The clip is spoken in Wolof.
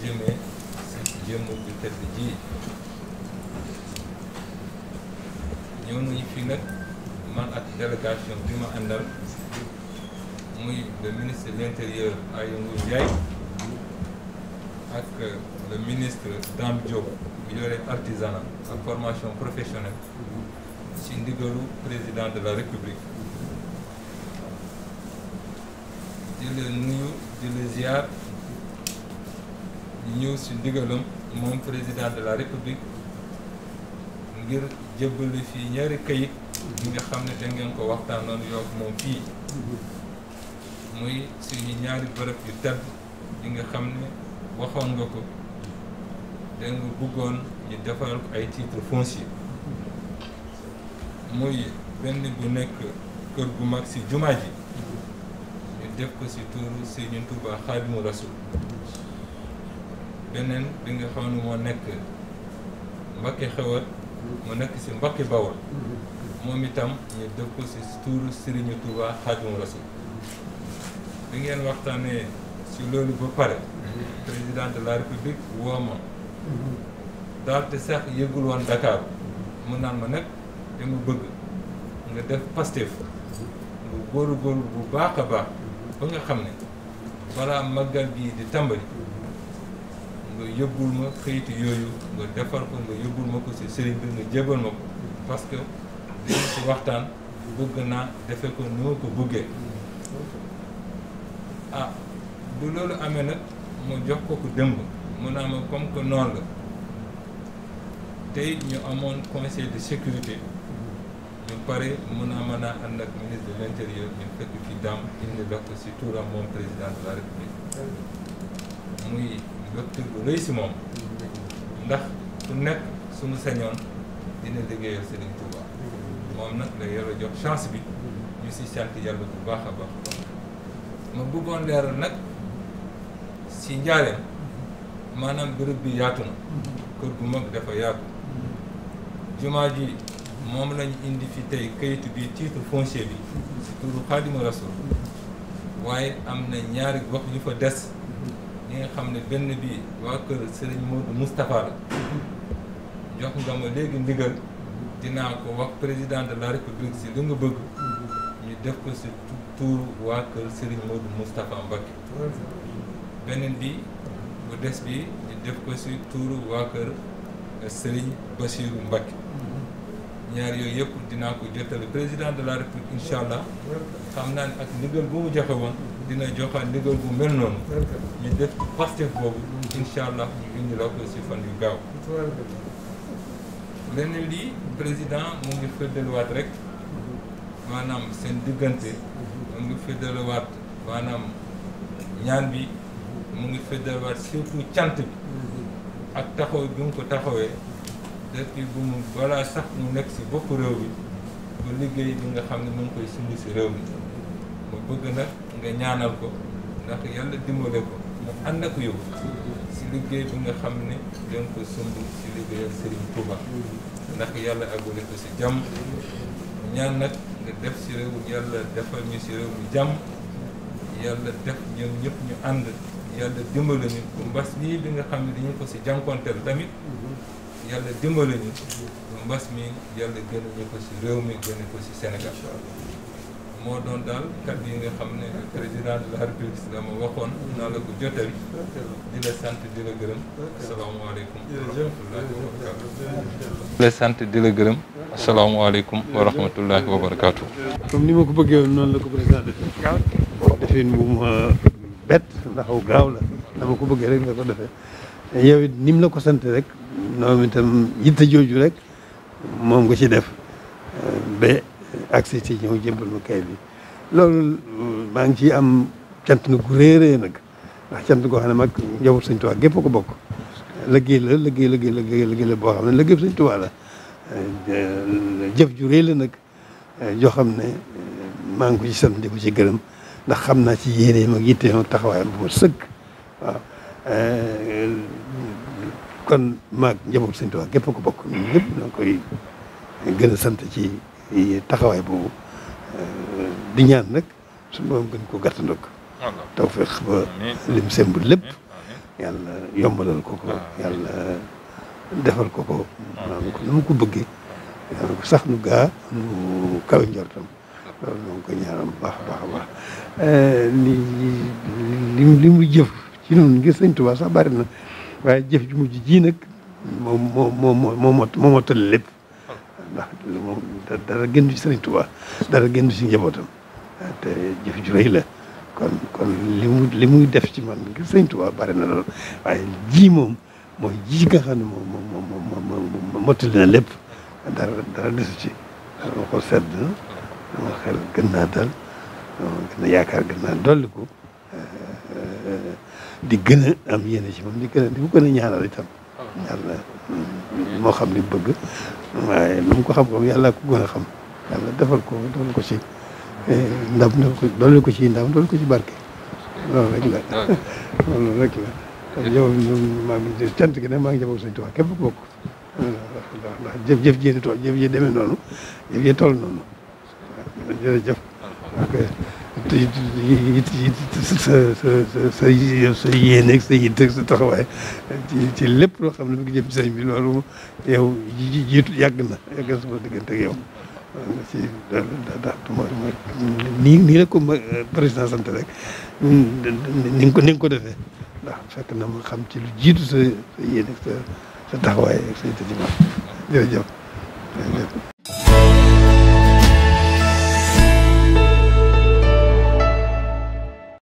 di si jëmm ju tëdd ji ñëw nañu fi nag man ak délégation bi ma àndal muy le ministre de l'intérieur Aly Ngouille Ndiaye ak euh, le ministre Dame Diop bi yore artisanat ak formation professionnelle ci ndigalu président de la république di nuyu di ziar ñëw si ndigalam moom président de la république ngir jébbali fii ñaari kayit yi nga xam ne da ngeen ko waxtaanoon yook moom fii muy suñu ñaari bërëb yu tedd yi nga xam ne waxoon nga ko da nga bëggoon ñu defal ko ay titre foncier muy benn bu nekk kër gu mag si jumaa ji ñu def ko si tuuru Serigne Touba Xaadimu Rasul beneen bi nga xam ne moo nekk Mbacké xewal mu nekk si Mbacké Bawol moom itam ñu def ko si tuuru Serigne Touba Xaadimu Rasuul bi ngeen waxtaanee ci loolu ba pare président de la république woo ma daal te sax yëgul woon Dakar mu naan ma nag dama bëgg nga def Pastef bu góorgóorlu bu baax a baax ba nga xam ne balaa màggal gii di tàmbali nga yóbbul ma xëyiti yooyu nga defar ko nga yóbbul ma ko si sëriñ bi nga jébal ma ko parce que li si waxtaan bëgg naa defe ko noo ko bëggee ah bu loolu amee nag mu jox ko ko dëmb mu naa ma comme que noonu la tey ñu amoon conseil de sécurité ñu pare mun a mën a ànd ak ministre de l' intérieur ñu fekk fi dam indi dox ko si turam moom président de la république muy mbégte bu rëy si moom ndax su nekk suñu sañoon dina liggéeyal Serigne Touba moom nag la yàlla jox chance bi ñu si sant yàlla bu baax a baax ma bëggoon leer nag si njaareem maanaam bërëb bi yaatu kër gu mag dafa yaatu jumaa ji moom lañu indi fi tey kayitu bi titre foncier bi si turu Xaadimu Rasuul waaye am na ñaari gox yu fa des yi nga xam ne benn bi waa kër Serigne Modou Moustapha la jox nga ma léegi ndigal dinaa ko wax président de la république si li nga bëgg ñu def ko si tuuru waa kër Serigne Modou Moustapha Mbacké beneen bi bu des bi ñu def ko si tuuru waa kër euh, Serigne Bassirou Mbacké ñaar yooyu yëpp dinaa ko jottali président de la république incha xam naa ne ak ndigal bu mu joxe woon dina joxaat ndigal bu mel noonu ñu def pastef boobu incha allah ñu indi la ko si fan yu gaaw leneen lii président mu ngi fëddaliwaat rek maanaam seen diggante mu ngi fëddaliwaat maanaam ñaan bi mu ngi fëddaliwaat surtout cant bi ak taxaw bi mu ko taxawee depuis bu mu balaa sax mu nekk si bopp réew bi bu liggéey bi nga xam ne mu koy sumb si réew mi mu bëgg nag nga ñaanal ko ndax yàlla dimbale ko mu ànd ak yow si liggéey bi nga xam ne doon ko sumb si liggéeyal Serigne Touba ndax yàlla àggale ko si jàmm ñaan nag nga def si réew yàlla defal ñu si réew mi jàmm yàlla def ñoom ñëpp ñu ànd yàlla dimbale ñu bu mbas mii bi nga xam ne dañu ko si jànkonteel tamit yàlla dimbale ñu bu mbas mi yàlla gën ñu ko si réew mi gën ko si Sénégal moo doon daal kàddu yi nga xam ne président de la république la ma waxoon naa la ko jotal di la sant di la gërëm asalaamaaleykum wa rahmatullahi wa barakaatu di la sant di la gërëm asalaamaaleykum wa rahmatullahi wa barakaatu comme ni ma ko bëggee woon noonu la ko président defee defin bu ma bett ndax aw gaaw la dama ko bëggee rek la ko defee yow it ni mu la ko sant rek noonu itam yitte jooju rek moom nga ci def ba accès ci ñëw jëmbal ma kayit bi loolu maa ngi ci am cant na gu réeree nag ndax cant goo xam ne mag njabootu Sëñ Tuubaa gépp ko bokk liggéey la liggéey liggéey liggéey boo xam ne liggéey Sëñ Tuubaa ju réy la nag joo xam ne maa ngi ko ci sant di ci gërëm ndax xam naa ci yéeneem ak yitteem ak taxawaayam bu sëg sëkk waaw kon maag njabootu Sëñ Tuubaa gépp ko bokk ñun ñëpp na koy gën a sant ci taxawaay boobu euh, di ñaan nag suñu borom gën ko gàttandog tawfeex ba lim semb lépp yàlla yombalal ko ko defal ko ko ko na ko bëggee yàlla ko sax nu gaa nu kawe njortam loolu ko ñaanal bu baax a baax a baax euh, li li jëf ci noonu ngir sëñ Tuubaa sax bari na waaye jëf ju mujj ji nag moo moo moo moo mottali lépp ndax moom dara génn ci Sëriñ Tuubaa dara génn ci njabootam te jëf ju la kon kon li mu li muy def ci man ngir Sëriñ bari na lool waaye jii moom mooy ji nga xam ne na lépp dara dara desu ci sama xol sedd na sama xel gën naa dal sama gën a yaakaar gën naa dolliku di gën a am yéene ci moom di gën a di ko gën ñaanal itam. yàlla moo xam li bëgg waaye lu mu ko xam ko yàlla ko gën xam yàlla defal ko eh, dool ko ci ndam doole ko ci ndam doole ko ci barke loolu rek la loolu rek la kon yow maa ngi cant gi nag maa ngi jabog Sëñ Tuubaa képp bokk ndax jëf jëf to jëf ji demee noonu jëf ji toll te it sa sa sa yéene ak sa yitt ak sa taxawaay ci lépp loo xam ne mu ngi jëm ci sëñ bi loolu yow jiitu yàgg na yàgg na sama diggante ak yow si nii la ko président sant rek ni nga ko ni ko defee ndax fekk na ma xam ci lu jiitu sa sa sa sa taxawaay ak sa yitt ci ma jërëjëf